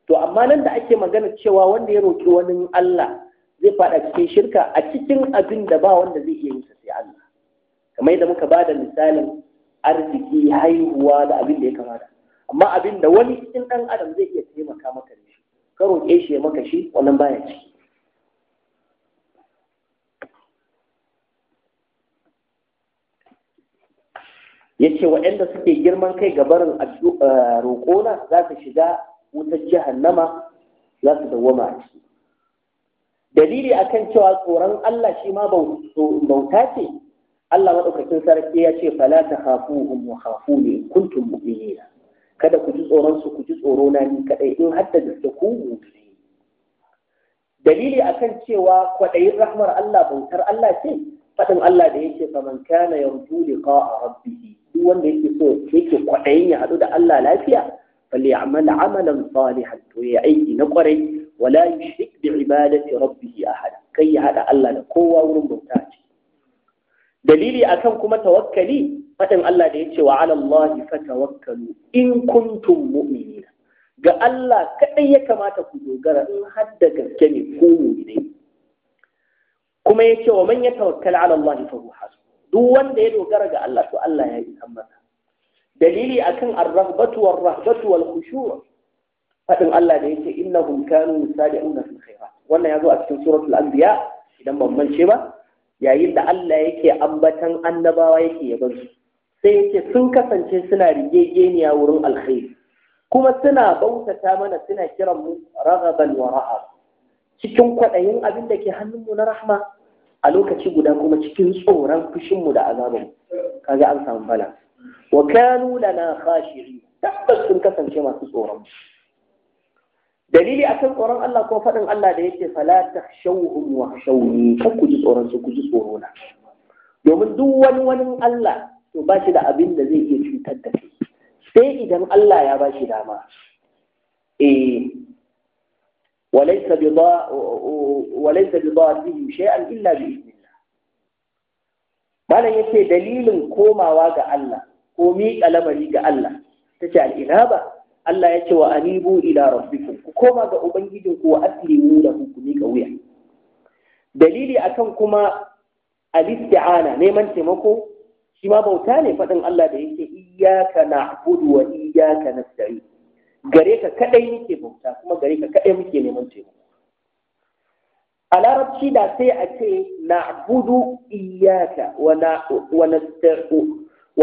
to amma nan da ake magana cewa wanda ya roƙi wani Allah zai faɗa cikin shirka a cikin abin da ba wanda zai iya yinsa sai Allah kamar yadda muka ba da misalin arziki haihuwa da abin da ya kamata amma abin da wani cikin ɗan adam zai iya taimaka maka da shi karo ke shi ya maka shi wannan baya ciki ya ce waɗanda suke girman kai ga barin eh, roƙona za su shiga wutar jahannama za su dawwama a ciki dalili akan cewa tsoron Allah shi ma bauta ce Allah maɗaukacin sarki ya ce fala takhafuhum wa khafuni in kuntum mu'minina kada ku ji tsoron su ku ji tsoro na ni kadai in har da ku mu'mini dalili akan cewa kwaɗayin rahmar Allah bautar Allah ce faɗin Allah da yake faman kana yarju liqa'a rabbih duk wanda yake so yake kwaɗayin ya haɗu da Allah lafiya falli ya'mal amalan salihan to ya aiki na kwarai wala yushrik bi ibadati rabbih ahad kai ya haɗa Allah da kowa wurin bauta dalili akan kuma tawakkali faɗin Allah da ya ce wa ala Allah fatawakkalu in kuntum mu'minina ga Allah kaɗai ya kamata ku dogara in har da gaske ne ku mu'minai kuma ya ce wa man ya tawakkala ala fa huwa duk wanda ya dogara ga Allah to Allah ya yi masa dalili akan ar-rahbatu war-rahbatu wal-khushu' Allah da yake innahum kanu yusari'una fil khairat wannan zo a cikin suratul anbiya idan ban mance ba yayin da Allah yake ambatan annabawa yake yabar su sai yake sun kasance suna rigegeniya wurin alkhairi kuma suna bautata mana suna kiran mu ragaban wa cikin kwaɗayin abin da ke hannunmu na rahma a lokaci guda kuma cikin tsoron fushinmu da azabin kaga an samu bala wa kanu lana khashirin tabbas sun kasance masu tsoron mu dalili akan tsoron Allah ko faɗin Allah da yake fala takhshawhum wa khshawni kan ku ji tsoron su ku ji tsoro na domin duk wani wani Allah to ba shi da abin da zai iya cutar da kai sai idan Allah ya ba shi dama eh وليس بضاء وليس بضاره شيئا الا باذن الله malam yace dalilin komawa ga Allah ko miƙa lamari ga Allah tace al-inaba Allah ya ce wa anibu ila rabbikum ku koma ga ubangijin ku wa aslimu da hukumi ga wuya dalili akan kuma al-isti'ana neman taimako shi ma bauta ne faɗin Allah da yake iyyaka na'budu wa iyyaka nasta'in gare ka kadai muke bauta kuma gare ka kadai muke neman taimako a larabci da sai a ce na'budu iyyaka wa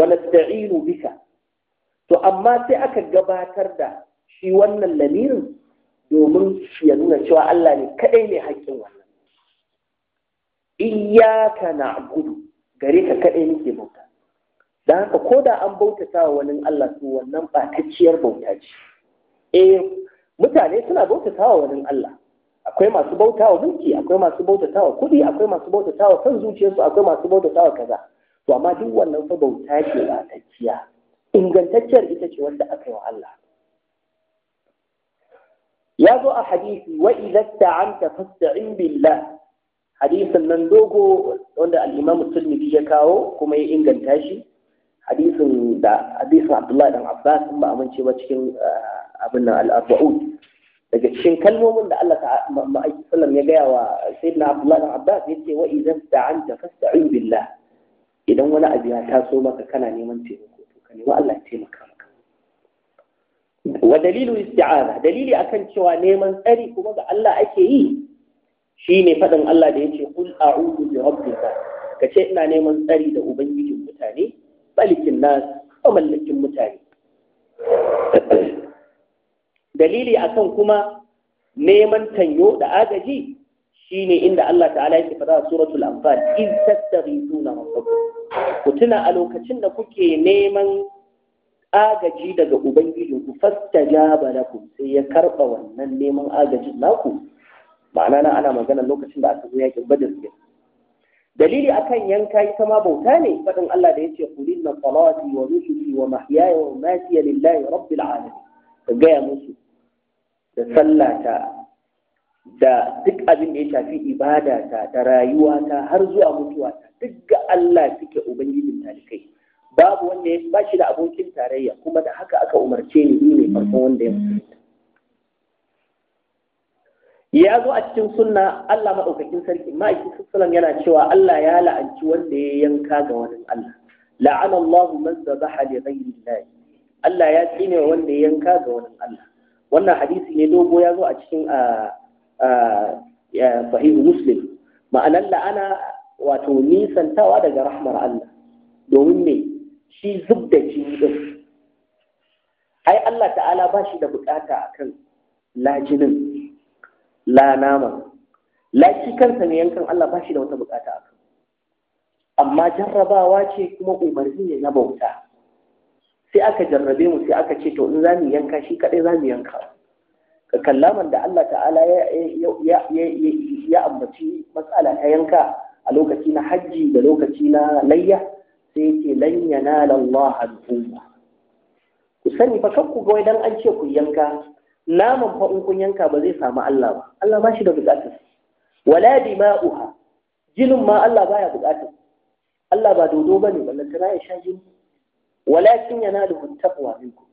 nasta'inu bika to amma sai aka gabatar da shi wannan lamirin domin ya nuna cewa Allah ne kaɗai ne haƙƙin wannan iyaka na gudu gare ka kaɗai nake bauta don haka ko da an bautata wa wani Allah su wannan ɓatacciyar bauta ce eh mutane suna bautata wa wani Allah akwai masu bauta wa mulki akwai masu bautata wa kuɗi akwai masu bautata wa kan zuciyarsu akwai masu bautata wa kaza to amma duk wannan fa bauta ce ba tacciya ingantacciyar ita ce wanda aka yi wa Allah ya zo a hadisi wa ilatta an tafasta'in billah hadisin nan dogo wanda al-Imam ya kawo kuma ya inganta shi hadisin da hadisin Abdullahi dan Abbas in ba amince ba cikin ah, abin nan al-arba'un daga cikin kalmomin da Allah ma'aiki ya gaya wa sayyidina Abdullahi dan Abbas yace wa idan da'anta fasta'in billah idan wani abu ya taso maka kana neman taimako ka nemi Allah ya taimaka maka wa dalilu isti'aza dalili akan cewa neman tsari kuma ga Allah ake yi shine faɗin Allah da yake kul a'udhu bi rabbil ka ce ina neman tsari da ubangijin mutane balikin nas mallakin mutane dalili akan kuma neman tanyo da agaji shine inda Allah ta'ala yake faɗa suratul anfal in tastaghithuna rabbakum ku tuna a lokacin da kuke neman agaji daga ubangiji ku da ku sai ya karɓa wannan neman agajin naku ma'ana na ana magana lokacin da aka zo yakin da suke. dalili akan yanka ita ma bauta ne faɗin Allah da ya ce ku inna salati wa nusuki wa mahyaya wa lillahi rabbil alamin ka gaya musu da sallata da duk abin da ya shafi ibada ta da rayuwa ta har zuwa mutuwa ta duk ga Allah suke ubangijin talikai babu wanda ya ba da abokin tarayya kuma da haka aka umarce ni ni ne farkon wanda ya ya zo a cikin sunna Allah maɗaukakin sarki ma'aikin sassalam yana cewa Allah ya la'anci wanda ya yanka ga wani Allah la'ana Allah man zabaha li ghayri Allah Allah ya tsine wanda ya yanka ga wani Allah wannan hadisi ne dogo ya zo a cikin ah, sahihu muslim ma'anar la'ana wato nisantawa daga rahmar Allah domin ne shi zub da jini din ai Allah ta'ala ba shi da bukata akan lajinin la nama laki kansa ne yankan Allah ba shi da wata bukata akan amma jarrabawa ce kuma umarni ne na bauta sai aka jarrabe mu sai aka ce to in za mu yanka shi kadai za mu yanka kallaman da Allah ta'ala ya ambaci matsala ta yanka a lokaci na hajji da lokaci na layya sai ke lan yanala Allah al-umma ku sani fa kan ku ga dan an ce ku yanka naman fa in kun yanka ba zai samu Allah ba Allah ba shi da bukatar wala dima'uha jinin ma Allah baya bukatar Allah ba dodo bane ballantana ya sha jini walakin yanaluhu taqwa minkum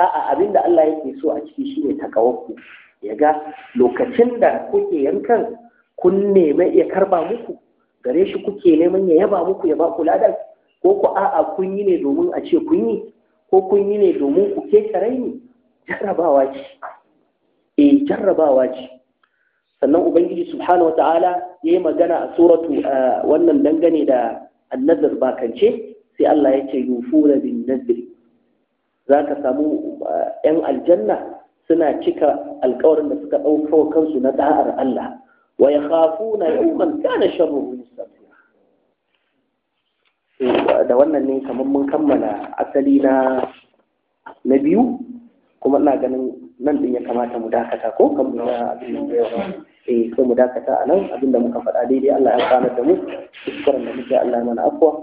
a'a abin da Allah yake so a ciki shine takawarku ya ga lokacin da kuke yankan kun nema ya karba muku gare shi kuke neman ya yaba muku ya ba ku ladan ko ku a'a kun yi ne domin a ce kun yi ko kun yi ne domin ku ke ne jarrabawa ce eh jarrabawa ce sannan ubangiji subhanahu wataala yayi magana a suratu wannan dangane da annazar bakance sai Allah ya ce yufuna bin nadri za ka samu eh, 'yan aljanna suna cika alkawarin da suka ɗauka kansu na da'ar Allah wa ya khafu na yawman kana eh, da wannan ne kamar mun kammala asali na na biyu kuma ina ganin nan din ya kamata mu dakata ko kan mu abin da eh mu dakata a nan abinda muka faɗa daidai Allah ya sanar da mu iskar da muke Allah ya mana afwa